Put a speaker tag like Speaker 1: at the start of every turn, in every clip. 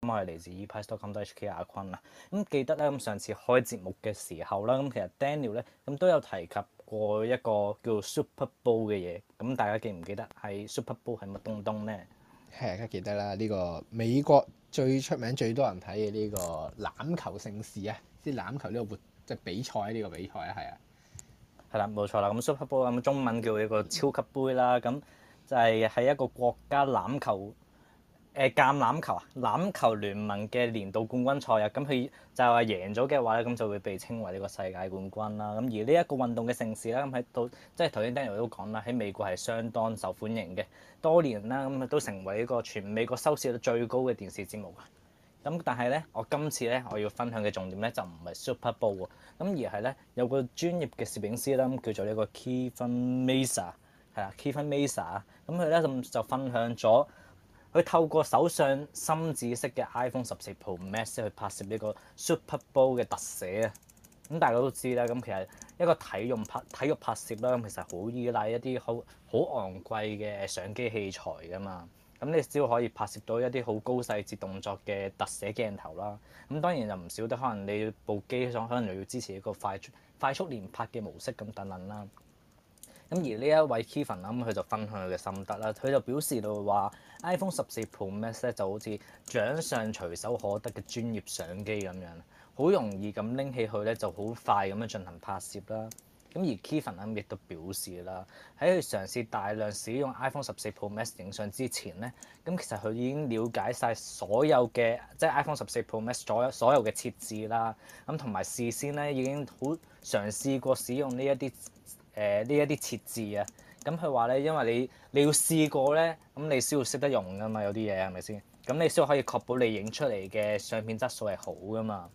Speaker 1: 我係嚟自 ePrice.com.hk 嘅阿坤啊，咁記得咧，咁上次開節目嘅時候啦，咁其實 Daniel 咧，咁都有提及過一個叫 Super Bowl 嘅嘢，咁大家記唔記得喺 Super Bowl 係乜東東咧？
Speaker 2: 係，大家記得啦，呢個美國最出名最多人睇嘅呢個欖球盛事啊，啲欖球呢個活即係
Speaker 1: 比賽呢個比賽啊，係啊。係啦，冇錯啦。咁 Super Bowl 咁中文叫一個超級杯啦。咁就係喺一個國家籃球誒橄欖球啊籃球聯盟嘅年度冠軍賽啊。咁佢就係話贏咗嘅話咧，咁就會被稱為呢個世界冠軍啦。咁而呢一個運動嘅盛事啦，咁喺到即係頭先 Daniel 都講啦，喺美國係相當受歡迎嘅多年啦。咁都成為一個全美國收視率最高嘅電視節目。咁但係咧，我今次咧我要分享嘅重點咧就唔係 Super Bowl 咁而係咧有個專業嘅攝影師啦，叫做呢個 Kevin Mazur，係啦 Kevin Mazur，咁、嗯、佢咧咁就分享咗佢透過手上深紫色嘅 iPhone 十四 Pro Max 去拍攝呢個 Super Bowl 嘅特寫啊。咁、嗯、大家都知啦，咁、嗯、其實一個體育拍體育拍攝啦，咁其實好依賴一啲好好昂貴嘅相機器材噶嘛。咁你只可以拍攝到一啲好高細節動作嘅特寫鏡頭啦。咁當然就唔少得，可能你部機上可能又要支持一個快快速連拍嘅模式咁等等啦。咁而呢一位 Kevin 咁，佢就分享佢嘅心得啦。佢就表示到話 iPhone 十四 Pro Max 咧就好似掌上隨手可得嘅專業相機咁樣，好容易咁拎起佢咧就好快咁樣進行拍攝啦。咁而 Kevin 亦都表示啦，喺佢嘗試大量使用 iPhone 十四 Pro Max 影相之前咧，咁其實佢已經了解晒所有嘅，即係 iPhone 十四 Pro Max 所有所有嘅設置啦。咁同埋事先咧已經好嘗試過使用、呃、呢一啲誒呢一啲設置啊。咁佢話咧，因為你你要試過咧，咁你先會識得用㗎嘛，有啲嘢係咪先？咁你先可以確保你影出嚟嘅相片質素係好㗎嘛，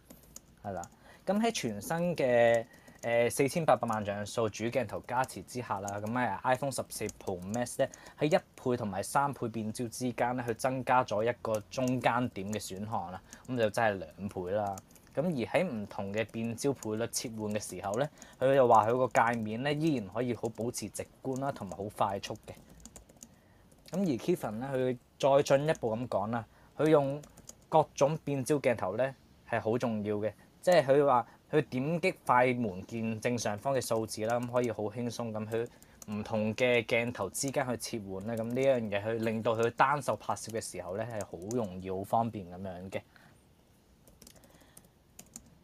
Speaker 1: 係啦。咁喺全新嘅誒四千八百萬像素主鏡頭加持之下啦，咁啊 iPhone 十四 Pro Max 咧喺一倍同埋三倍變焦之間咧，佢增加咗一個中間點嘅選項啦，咁就真係兩倍啦。咁而喺唔同嘅變焦倍率切換嘅時候咧，佢又話佢個界面咧依然可以好保持直觀啦，同埋好快速嘅。咁而 Kevin 咧，佢再進一步咁講啦，佢用各種變焦鏡頭咧係好重要嘅。即係佢話佢點擊快門鍵正上方嘅數字啦，咁可以好輕鬆咁去唔同嘅鏡頭之間去切換咧。咁呢一樣嘢去令到佢單手拍攝嘅時候咧係好容易、好方便咁樣嘅。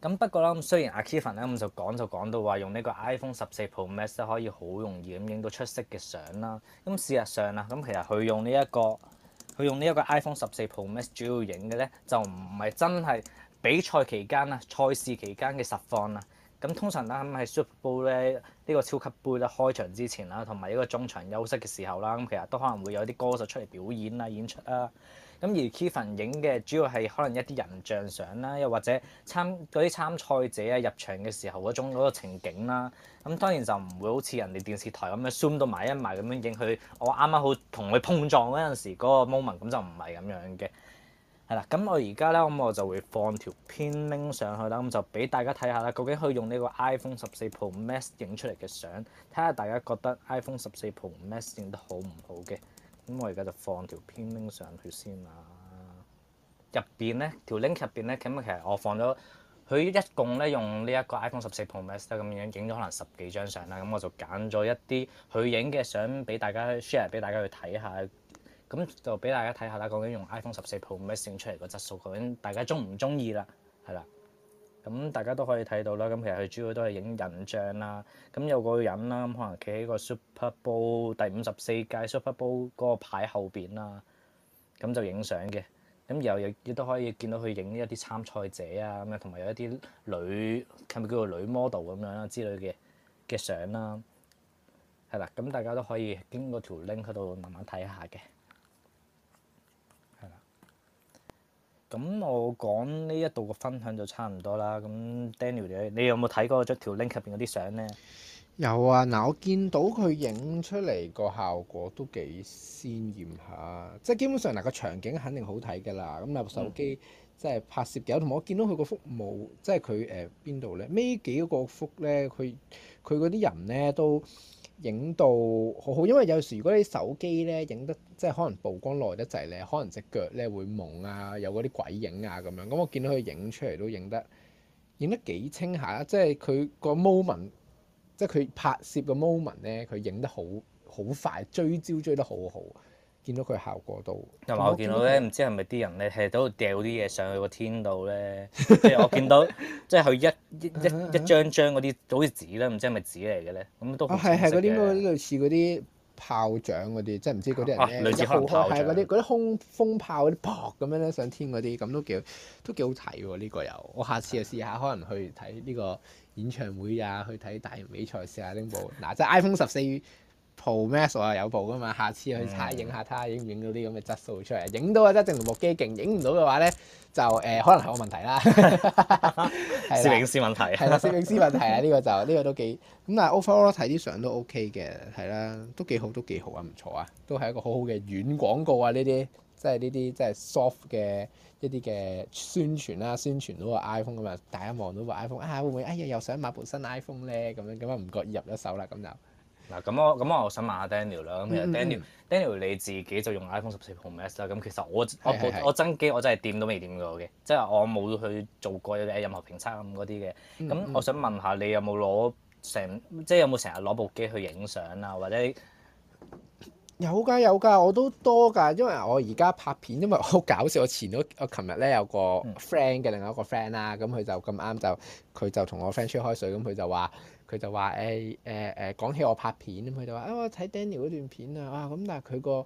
Speaker 1: 咁不過啦，咁雖然阿 Kevin 咧咁就講就講到話用呢個 iPhone 十四 Pro Max 咧可以好容易咁影到出色嘅相啦。咁事實上啊，咁其實佢用呢、這、一個佢用呢一個 iPhone 十四 Pro Max 主要影嘅咧就唔係真係。比賽期間啊，賽事期間嘅實況啊，咁通常咧喺 Super Bowl 咧呢個超級杯咧開場之前啦，同埋一個中場休息嘅時候啦，咁其實都可能會有啲歌手出嚟表演啦、演出啦。咁而 Kevin 影嘅主要係可能一啲人像相啦，又或者參嗰啲參賽者啊入場嘅時候嗰種嗰個情景啦。咁當然就唔會好似人哋電視台咁樣 zoom 到埋一埋咁樣影佢，我啱啱好同佢碰撞嗰陣時嗰個 moment，咁就唔係咁樣嘅。係啦，咁我而家咧，咁我就會放條片 link 上去啦，咁就俾大家睇下啦，究竟可以用呢個 iPhone 十四 Pro Max 影出嚟嘅相，睇下大家覺得 iPhone 十四 Pro Max 影得好唔好嘅。咁我而家就放條片 link 上去先啦。入邊咧，條 link 入邊咧，咁其實我放咗佢一共咧用呢一個 iPhone 十四 Pro Max 咧咁樣影咗可能十幾張相啦，咁我就揀咗一啲佢影嘅相俾大家 share 俾大家去睇下。咁就俾大家睇下啦。究竟用 iPhone 十四 Pro Max 影出嚟個質素，究竟大家中唔中意啦？係啦，咁大家都可以睇到啦。咁其實佢主要都係影人像啦。咁有個人啦，咁可能企喺個 Super Bowl 第五十四屆 Super Bowl 嗰個牌後邊啦，咁就影相嘅。咁又又亦都可以見到佢影一啲參賽者啊，咁啊，同埋有一啲女係咪叫做女 model 咁樣啦之類嘅嘅相啦，係啦。咁大家都可以經過條 link 嗰度慢慢睇下嘅。咁我講呢一度個分享就差唔多啦。咁 Daniel 你有冇睇過咗條 link 入邊嗰啲相咧？有啊，嗱，我見到佢影出嚟個效
Speaker 2: 果都幾鮮豔下，即係基本上嗱個場景肯定好睇㗎啦。咁、嗯、有部手機即係拍攝嘅，同埋我見到佢個幅冇，即係佢誒邊度咧？尾、呃、幾個幅咧，佢佢嗰啲人咧都，影到好好，因為有時如果你手機咧影得，即係可能曝光耐得滯咧，可能隻腳咧會蒙啊，有嗰啲鬼影啊咁樣，咁、嗯、我見到佢影出嚟都影得，影得幾清下，即係佢個 moment，即係佢拍攝個 moment 咧，佢影得好好快，追焦追得好好。見到佢效果都，同埋我見到咧，
Speaker 1: 唔知係咪啲人咧係都掉啲嘢上去個天度咧，即係 我見到，即係佢一一一張張嗰啲好似紙咧，唔知係咪紙嚟嘅咧，咁都係係係嗰啲嗰
Speaker 2: 啲類似嗰啲炮仗嗰啲，即係唔知嗰啲咧，類似空炮，係嗰啲啲空風炮嗰啲噥咁樣咧上天嗰啲，咁都幾都幾好睇喎、啊。呢個又，我下次又試下，可能去睇呢個演唱會啊，去睇大型比賽試，試下拎部嗱，即係 iPhone 十四。就是 Pro Max，啊有部㗎嘛，下次去踩影下睇下影唔影到啲咁嘅質素出嚟，影到啊，真係正同部機勁。影唔到嘅話咧就誒、呃、可能係我問題啦，
Speaker 1: 攝 的影師問題係啦，攝 影師問題啊呢、呢個
Speaker 2: 就呢 個都幾咁，但係 overall 睇啲相都 OK 嘅，係啦，都幾好都幾好啊，唔錯啊，都係一個好好嘅軟廣告啊，呢啲即係呢啲即係 soft 嘅一啲嘅宣傳啦、啊，宣傳到個 iPhone 咁啊，大家望到個 iPhone 啊會唔會哎呀又想買部新 iPhone 咧咁樣咁啊唔覺意入咗手啦咁就。
Speaker 1: 嗱咁我咁我想問下 Daniel 啦，咁其實、嗯、Daniel，Daniel 你自己就用 iPhone 十四 Pro Max 啦，咁其實我係係係我我，係係我真機、就是、我真係掂都未掂過嘅，即係我冇去做過任何評測咁嗰啲嘅。咁我想問下你有冇攞成，嗯、即係有冇成日攞部機去影相啊？或者
Speaker 2: 有㗎有㗎，我都多㗎，因為我而家拍片，因為好搞笑。我前都我琴日咧有個 friend 嘅另外一個 friend 啦、嗯，咁佢就咁啱就佢就同我 friend 吹開水，咁佢就話。佢就話：“誒誒誒，講、欸欸、起我拍片啊，佢就話：“啊，我睇 Daniel 嗰段片啊，哇、啊！咁但係佢個。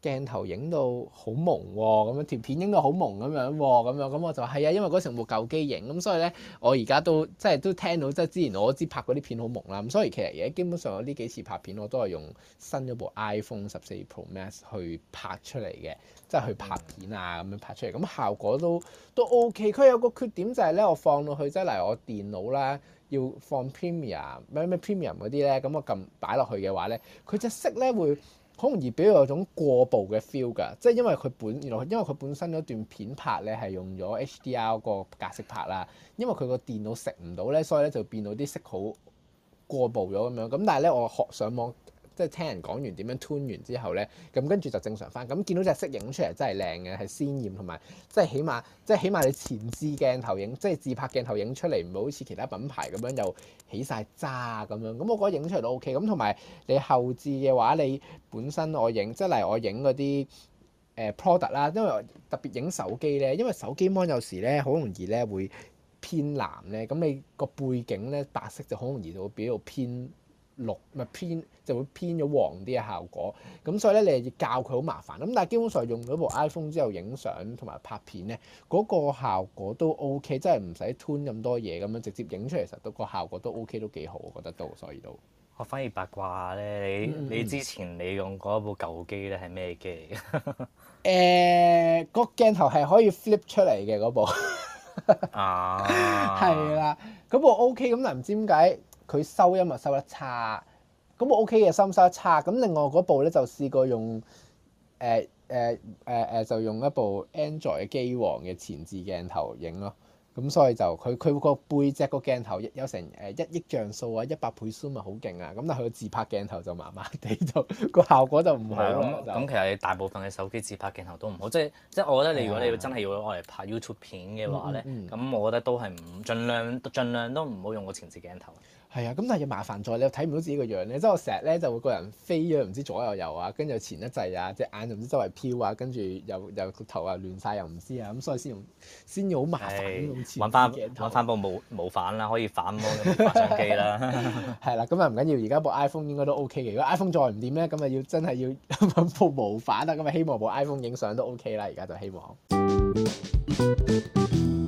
Speaker 2: 鏡頭影到好朦喎，咁樣條片影到好朦咁樣喎，咁樣咁我就係啊，因為嗰時用舊機影，咁所以咧我而家都即係都聽到即係之前我知拍嗰啲片好朦啦。咁所以其實而家基本上我呢幾次拍片我都係用新咗部 iPhone 十四 Pro Max 去拍出嚟嘅，即係去拍片啊咁樣拍出嚟，咁效果都都 OK。佢有個缺點就係咧，我放落去即係例如我電腦啦，要放 Premier 咩咩 Premier 嗰啲咧，咁我撳擺落去嘅話咧，佢隻色咧會。好容易畀佢有種過曝嘅 feel 㗎，即係因為佢本原來因為佢本身嗰段片拍咧係用咗 HDR 個格式拍啦，因為佢個電腦食唔到咧，所以咧就變到啲色好過曝咗咁樣，咁但係咧我學上網。即係聽人講完點樣吞完之後呢？咁跟住就正常翻。咁見到隻色影出嚟真係靚嘅，係鮮豔同埋，即係起碼，即係起碼你前置鏡頭影，即係自拍鏡頭影出嚟，唔會好似其他品牌咁樣又起晒渣咁樣。咁我覺得影出嚟都 OK。咁同埋你後置嘅話，你本身我影，即係例如我影嗰啲 product 啦，因為特別影手機呢，因為手機芒有時呢好容易呢會偏藍呢。咁你個背景呢，白色就好容易就會比較偏綠咪偏就會偏咗黃啲嘅效果，咁所以咧你係要教佢好麻煩。咁但係基本上用咗部 iPhone 之後影相同埋拍片咧，嗰、嗰個效果都 O K，即係唔使 tune 咁多嘢咁樣，直接影出嚟其實都個效果都 O、OK, K，都幾好，我覺得都，所以都。
Speaker 1: 我反而八卦咧，你你之前你用嗰部舊機咧係咩機
Speaker 2: 嚟？誒、 欸，個鏡頭係可以 flip 出嚟嘅嗰部。 啊，係啦，嗰部 O K，咁但唔知點解。佢收音咪收得差，咁、那、我、個、OK 嘅收唔收得差。咁另外嗰部咧就試過用，誒誒誒誒就用一部 Android 嘅機皇嘅前置鏡頭影咯。咁、嗯、所以就佢佢個背脊、個鏡頭有成誒一億像素啊，一百倍 zoom 咪好勁啊！咁但係佢個自拍鏡頭就麻麻地，就 個效果就唔好。咁咁其
Speaker 1: 實大部分嘅手機自拍鏡頭都唔好，即係即係我覺得你如果你真係要攞嚟拍 YouTube 片嘅話咧，咁、嗯嗯、我覺得都係唔盡量盡量都唔好用個前置鏡頭。
Speaker 2: 係、嗯嗯、啊，咁但係要麻煩咗，你又睇唔到自己個樣咧，即係我成日咧就會個人飛咗唔知左右右啊，跟住前一滯啊，隻眼又唔知周圍飄啊，跟住又又個頭啊亂晒，又唔知啊，咁所以用先用先要好麻煩。嗯。
Speaker 1: 揾翻揾翻部模模反啦，可以反光嘅相機
Speaker 2: 啦。 係啦，咁啊唔緊要。而家部 iPhone 應該都 OK 嘅。如果 iPhone 再唔掂咧，咁啊要真係要揾部模反啦。咁啊希望部 iPhone 影相都 OK 啦。而家就希望。